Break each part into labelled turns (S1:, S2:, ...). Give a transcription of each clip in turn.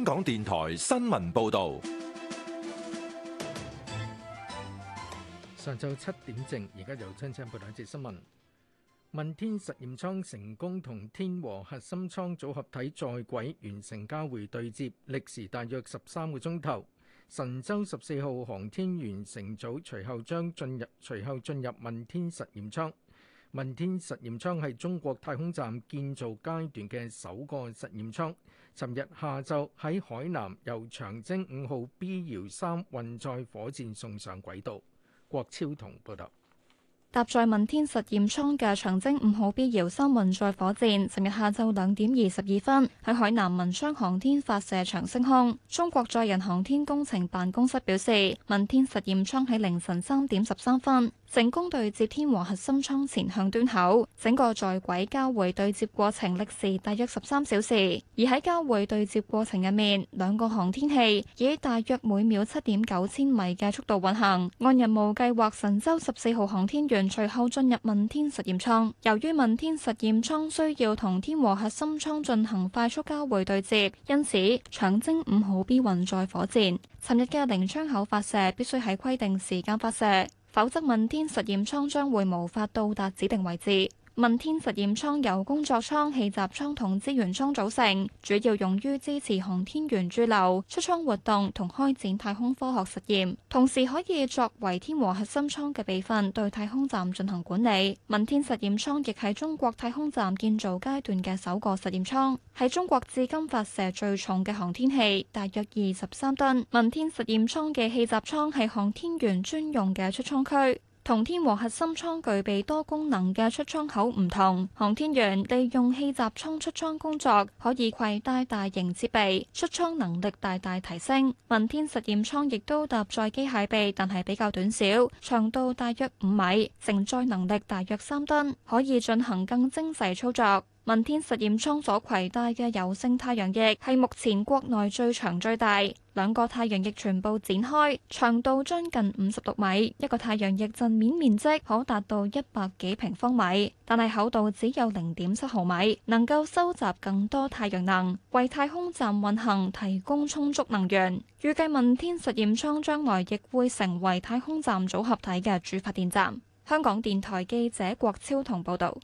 S1: 香港電台新聞報道：上晝七點正，而家由親親播一節新聞。問天實驗艙成功同天和核心艙組合體在軌完成交會對接，歷時大約十三個鐘頭。神舟十四號航天員乘組隨後將進入隨後進入問天實驗艙。問天實驗艙係中國太空站建造階段嘅首個實驗艙，尋日下晝喺海南由長征五號 B 遙三運載火箭送上軌道。郭超同報道。
S2: 搭載問天實驗艙嘅長征五號 B 遙三運載火箭，尋日下晝兩點二十二分喺海南文昌航天發射場升空。中國載人航天工程辦公室表示，問天實驗艙喺凌晨三點十三分，成功對接天和核心艙前向端口，整個在軌交會對接過程歷時大約十三小時。而喺交會對接過程入面，兩個航天器以大約每秒七點九千米嘅速度運行。按任務計劃，神舟十四號航天員隨後進入問天實驗艙。由於問天實驗艙需要同天和核心艙進行快速交會對接，因此長征五號 B 運載火箭尋日嘅零窗口發射必須喺規定時間發射。否則，問天實驗艙將會無法到達指定位置。問天實驗艙由工作艙、氣閘艙同資源艙組成，主要用於支持航天員駐留、出艙活動同開展太空科學實驗，同時可以作為天和核心艙嘅備份，對太空站進行管理。問天實驗艙亦係中國太空站建造階段嘅首個實驗艙，係中國至今發射最重嘅航天器，大約二十三噸。問天實驗艙嘅氣閘艙係航天員專用嘅出艙區。同天和核心艙具備多功能嘅出艙口唔同，航天員利用氣閘艙出艙工作，可以攜帶大型設備，出艙能力大大提升。問天實驗艙亦都搭載機械臂，但係比較短小，長度大約五米，承載能力大約三噸，可以進行更精細操作。文問天實驗艙所携帶嘅柔性太陽翼係目前國內最長最大，兩個太陽翼全部展開，長度將近五十六米，一個太陽翼陣面面積可達到一百幾平方米，但係厚度只有零點七毫米，能夠收集更多太陽能，為太空站運行提供充足能源。預計問天實驗艙將來亦會成為太空站組合體嘅主發電站。香港電台記者郭超同報道。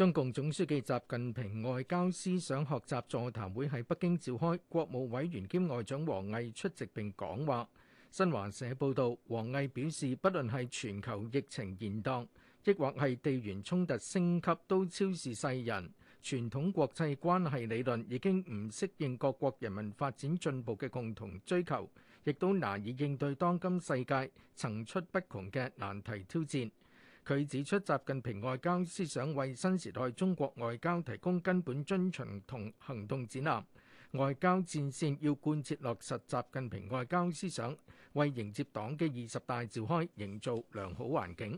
S1: 中共總書記習近平外交思想學習座談會喺北京召開，國務委員兼外長王毅出席並講話。新華社報道，王毅表示，不論係全球疫情嚴當，抑或係地緣衝突升級，都超視世人傳統國際關係理論已經唔適應各國人民發展進步嘅共同追求，亦都難以應對當今世界層出不窮嘅難題挑戰。佢指出，習近平外交思想為新時代中國外交提供根本遵循同行動指南，外交戰線要貫徹落實習近平外交思想，為迎接黨嘅二十大召開營造良好環境。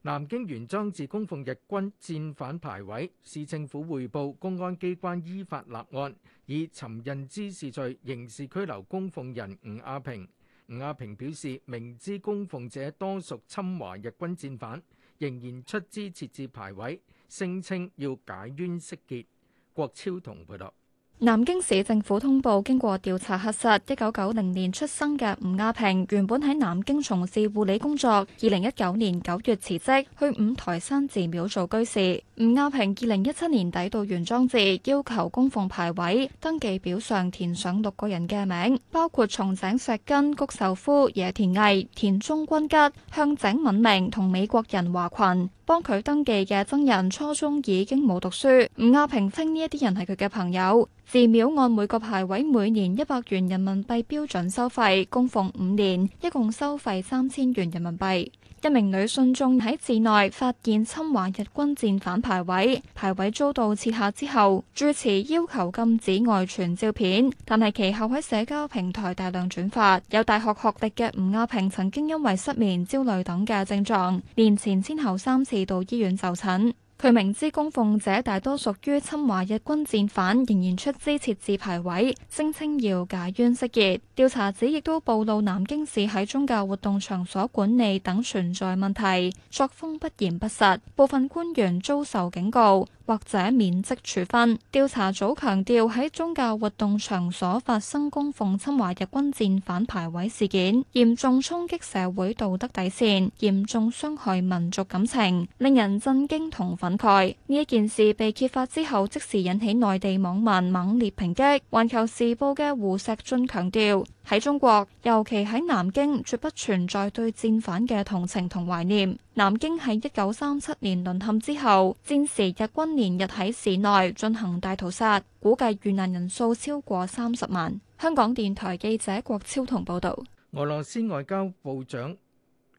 S1: 南京玄奘寺供奉日軍戰犯牌位，市政府匯報公安機關依法立案，以尋釁滋事罪刑事拘留供奉人吳亞平。吳亞平表示，明知供奉者多屬侵華日軍戰犯，仍然出資設置牌位，聲稱要解冤釋結。郭超同報道。
S2: 南京市政府通報，經過調查核實，一九九零年出生嘅吳亞平原本喺南京從事護理工作，二零一九年九月辭職，去五台山寺廟做居士。吳亞平二零一七年底到玄奘寺要求供奉牌位，登記表上填上六個人嘅名，包括松井石根、谷壽夫、野田毅、田中軍吉、向井敏明同美國人華群。幫佢登記嘅僧人初中已經冇讀書。吳亞平稱呢一啲人係佢嘅朋友。寺廟按每個牌位每年一百元人民幣標準收費，供奉五年，一共收費三千元人民幣。一名女信眾喺寺內發現侵華日軍戰犯牌位，牌位遭到撤下之後，住持要求禁止外傳照片，但係其後喺社交平台大量轉發。有大學學歷嘅吳亞平曾經因為失眠、焦慮等嘅症狀，年前先後三次到醫院就診。佢明知供奉者大多屬於侵華日軍戰犯，仍然出資設置牌位，聲稱要解冤釋結。調查指亦都暴露南京市喺宗教活動場所管理等存在問題，作風不嚴不實，部分官員遭受警告。或者免職處分。調查組強調喺宗教活動場所發生供奉侵華日軍戰犯牌位事件，嚴重衝擊社會道德底線，嚴重傷害民族感情，令人震驚同憤慨。呢一件事被揭發之後，即時引起內地網民猛烈抨擊。環球時報嘅胡錫進強調喺中國尤其喺南京，絕不存在對戰犯嘅同情同懷念。南京喺一九三七年淪陷之後，戰時日軍連日喺市內進行大屠殺，估計遇難人數超過三十萬。香港電台記者郭超同報導。
S1: 俄羅斯外交部長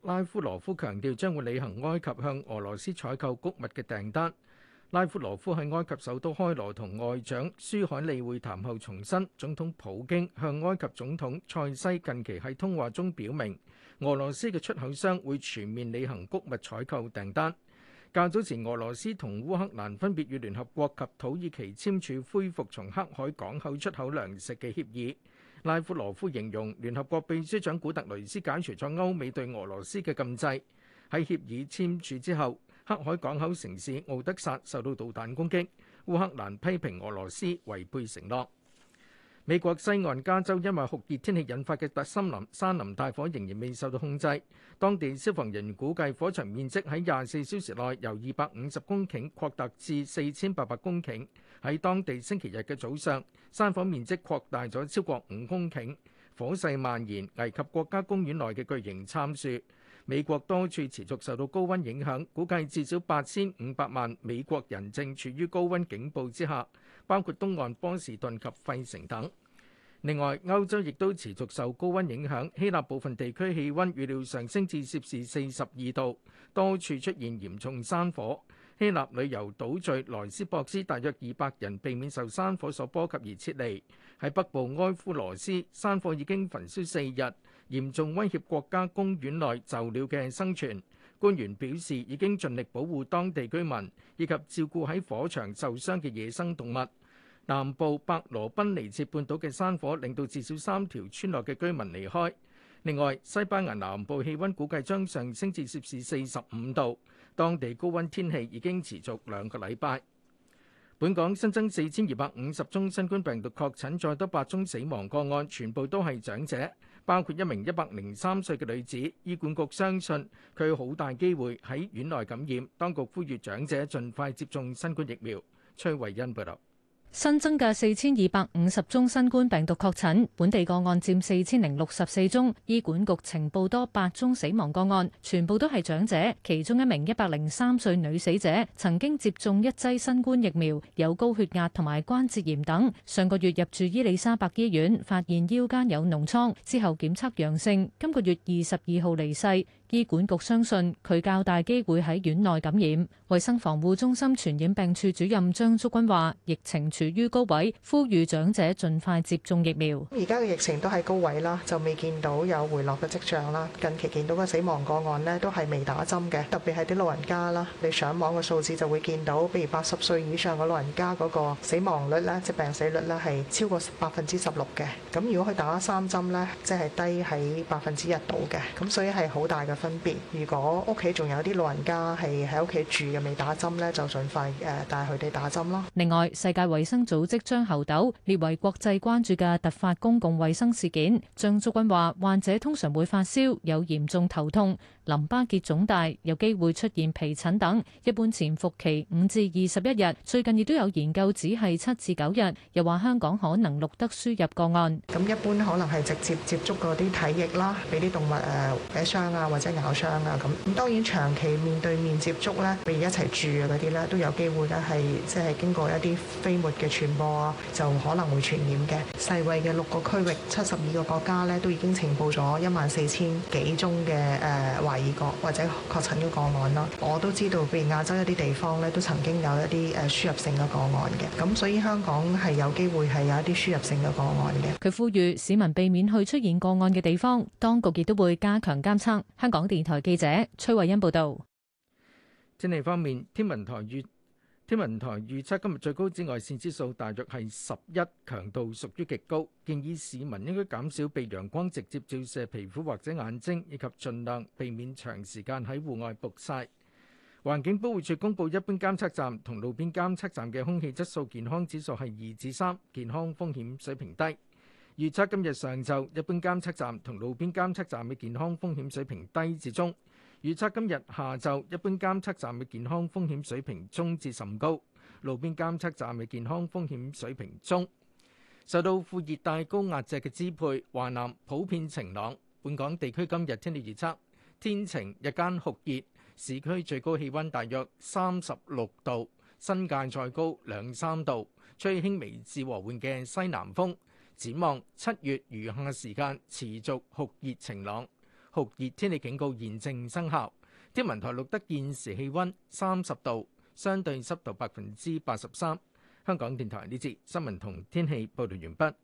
S1: 拉夫羅夫強調，將會履行埃及向俄羅斯採購穀物嘅訂單。拉夫羅夫喺埃及首都開羅同外長舒海利會談後重申，總統普京向埃及總統塞西近期喺通話中表明。俄羅斯嘅出口商會全面履行穀物採購訂單。較早前，俄羅斯同烏克蘭分別與聯合國及土耳其簽署恢復從黑海港口出口糧食嘅協議。拉夫羅夫形容聯合國秘書長古特雷斯解除咗歐美對俄羅斯嘅禁制。喺協議簽署之後，黑海港口城市奧德薩受到導彈攻擊。烏克蘭批評俄羅斯違背承諾。美國西岸加州因為酷熱天氣引發嘅特森林山林大火仍然未受到控制，當地消防人員估計火場面積喺廿四小時內由二百五十公頃擴大至四千八百公頃。喺當地星期日嘅早上，山火面積擴大咗超過五公頃，火勢蔓延危及國家公園內嘅巨型參樹。美國多處持續受到高温影響，估計至少八千五百萬美國人正處於高温警報之下。包括東岸波士頓及費城等。另外，歐洲亦都持續受高温影響，希臘部分地區氣温預料上升至攝氏四十二度，多處出現嚴重山火。希臘旅遊島嶼萊斯博斯大約二百人避免受山火所波及而撤離。喺北部埃夫羅斯，山火已經焚燒四日，嚴重威脅國家公園內就鳥嘅生存。官員表示，已經盡力保護當地居民以及照顧喺火場受傷嘅野生動物。南部伯羅奔尼撒半島嘅山火令到至少三條村落嘅居民離開。另外，西班牙南部氣溫估計將上升至攝氏四十五度，當地高溫天氣已經持續兩個禮拜。本港新增四千二百五十宗新冠病毒確診，再多八宗死亡個案，全部都係長者。包括一名一百零三歲嘅女子，醫管局相信佢好大機會喺院內感染。當局呼籲長者盡快接種新冠疫苗。崔慧欣報道。
S3: 新增嘅四千二百五十宗新冠病毒確診，本地個案占四千零六十四宗。醫管局呈報多八宗死亡個案，全部都係長者，其中一名一百零三歲女死者曾經接種一劑新冠疫苗，有高血壓同埋關節炎等。上個月入住伊利沙伯醫院，發現腰間有膿瘡，之後檢測陽性，今個月二十二號離世。醫管局相信佢較大機會喺院內感染。衛生防護中心傳染病處主任張竹君話，疫情處於高位，呼籲
S4: 長者盡快接種疫苗。而家嘅疫情都係高位啦，就未見到有回落嘅跡象啦。近期見到嘅死亡個案呢，都係未打針嘅，特別係啲老人家啦。你上網嘅數字就會見到，比如八十歲以上嘅老人家嗰個死亡率咧，即係病死率咧，係超過百分之十六嘅。咁如果佢打咗三針呢，即係低喺百分之一度嘅。咁所以係好大嘅。分如果屋企仲有啲老人家係喺屋企住嘅未打針呢，就盡快誒帶佢哋打針咯。
S3: 另外，世界衞生組織將猴痘列為國際關注嘅突發公共衞生事件。張竹君話：患者通常會發燒，有嚴重頭痛。淋巴結腫大，有機會出現皮疹等。一般潛伏期五至二十一日，最近亦都有研究指係七至九日。又話香
S4: 港可能錄得輸入個案。咁一般可能係直接接觸嗰啲體液啦，俾啲動物誒咬傷啊或者咬傷啊咁。咁當然長期面對面接觸咧，譬如一齊住嗰啲咧，都有機會咧係即係經過一啲飛沫嘅傳播啊，就可能會傳染嘅。世衛嘅六個區域七十二個國家呢，都已經呈報咗一萬四千幾宗嘅誒、呃第二或者確診嘅個案咯，我都知道，譬如亞洲一啲地方咧，都曾經有一啲誒輸入性嘅個案嘅，咁所以香港係有機會係有一啲輸入性嘅個案嘅。
S3: 佢呼籲市民避免去出現個案嘅地方，當局亦都會加強監測。香港電台記者崔慧欣報道。
S1: 天氣方面，天文台預天文台預測今日最高紫外線指數大約係十一，強度屬於極高，建議市民應該減少被陽光直接照射皮膚或者眼睛，以及盡量避免長時間喺戶外曝曬。環境保護署公布，一般監測站同路邊監測站嘅空氣質素健康指數係二至三，健康風險水平低。預測今日上晝，一般監測站同路邊監測站嘅健康風險水平低至中。預測今日下晝，一般監測站嘅健康風險水平中至甚高，路邊監測站嘅健康風險水平中。受到副熱帶高壓脊嘅支配，華南普遍晴朗。本港地區今日天氣預測，天晴，日間酷熱，市區最高氣温大約三十六度，新界再高兩三度，吹輕微至和緩嘅西南風。展望七月餘下時間持續酷熱晴朗。酷熱天氣警告現正生效。天文台錄得現時氣溫三十度，相對濕度百分之八十三。香港電台呢節新聞同天氣報道完畢。